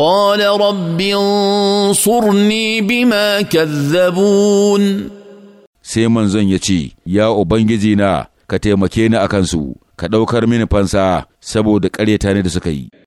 قال رب انصرني بما كذبون sai manzon ya ce, Ya Ubangiji na, ka taimake ni a kansu, ka ɗaukar mini fansa saboda ƙaryata ne da suka yi.